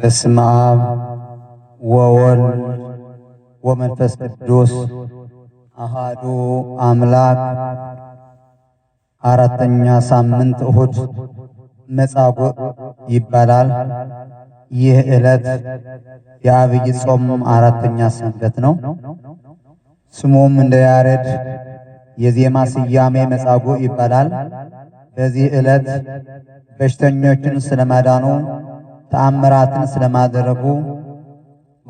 በስመ አብ ወወልድ ወመንፈስ ቅዱስ አሃዱ አምላክ። አራተኛ ሳምንት እሁድ መጻጉዕ ይባላል። ይህ ዕለት የአብይ ጾም አራተኛ ሰንበት ነው። ስሙም እንደ ያሬድ የዜማ ስያሜ መጻጉዕ ይባላል። በዚህ ዕለት በሽተኞችን ስለማዳኑ ተአምራትን ስለማደረጉ፣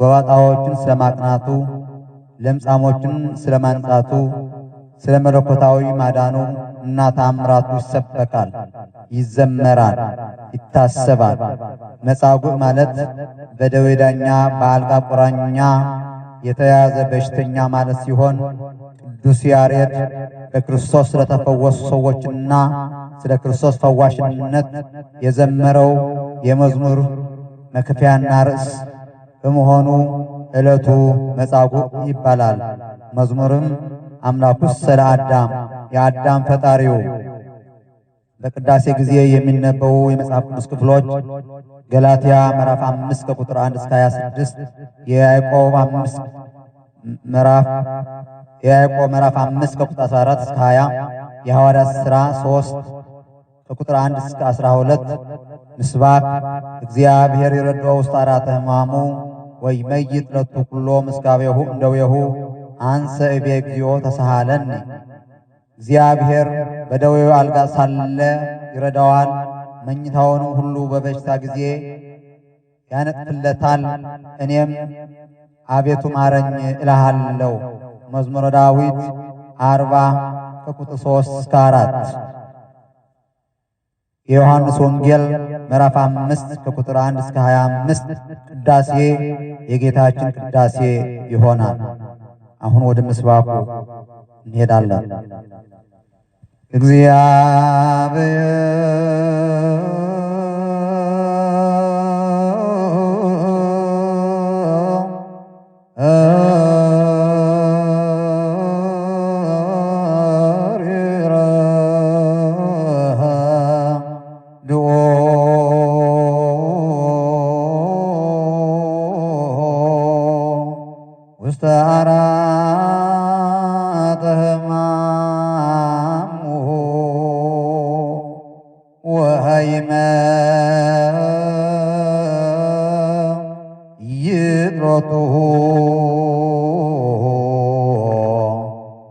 ጎባጣዎችን ስለማቅናቱ፣ ለምጻሞችን ስለማንጻቱ፣ ስለ መለኮታዊ ማዳኑ እና ተአምራቱ ይሰበካል፣ ይዘመራል፣ ይታሰባል። መጻጉዕ ማለት በደዌ ዳኛ በአልጋ ቁራኛ የተያዘ በሽተኛ ማለት ሲሆን ቅዱስ ያሬድ በክርስቶስ ስለተፈወሱ ሰዎችና ስለ ክርስቶስ ፈዋሽነት የዘመረው የመዝሙር መክፊያና ርዕስ በመሆኑ ዕለቱ መጻጉዕ ይባላል። መዝሙርም አምላኩስ ስለ አዳም የአዳም ፈጣሪው። በቅዳሴ ጊዜ የሚነበቡ የመጽሐፍ ቅዱስ ክፍሎች ገላትያ ምዕራፍ 5 ከቁጥር 1 እስከ 26፣ የያዕቆብ 5 ምዕራፍ የያዕቆብ ምዕራፍ 5 ከቁጥር 14 እስከ 20፣ የሐዋርያት ሥራ 3 ከቁጥር 1 እስከ 12 ምስባክ እግዚአብሔር ይረድኦ ውስተ አራተ ሕማሙ ወይመይጥ ለቱ ኩሎ ምስጋቤሁ እምደዌሁ አንሰ እቤ እግዚኦ እግዚአብሔር በደዌው አልጋ ሳለ ይረዳዋል፣ መኝታውኑ ሁሉ በበሽታ ጊዜ ያነጥፍለታል። እኔም አቤቱ ማረኝ እልሃለሁ። መዝሙረ ዳዊት አርባ ከቁጥር 3 እስከ 4 የዮሐንስ ወንጌል ምዕራፍ አምስት ከቁጥር አንድ እስከ ሀያ አምስት ቅዳሴ የጌታችን ቅዳሴ ይሆናል። አሁን ወደ ምስባኩ እንሄዳለን። እግዚአብሔር ውስተ አራጠ ሕማሙ ወሀይመ ይጥሮቱሁ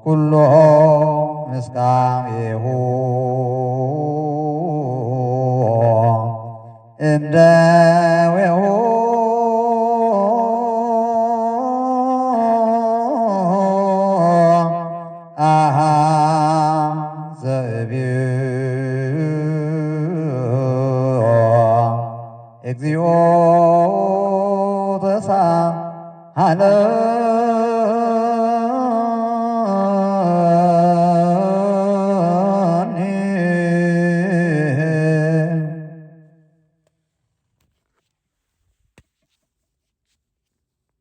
ኩሎ ምስካሜሁ እምደዌሁ እግዚኦ ተሳ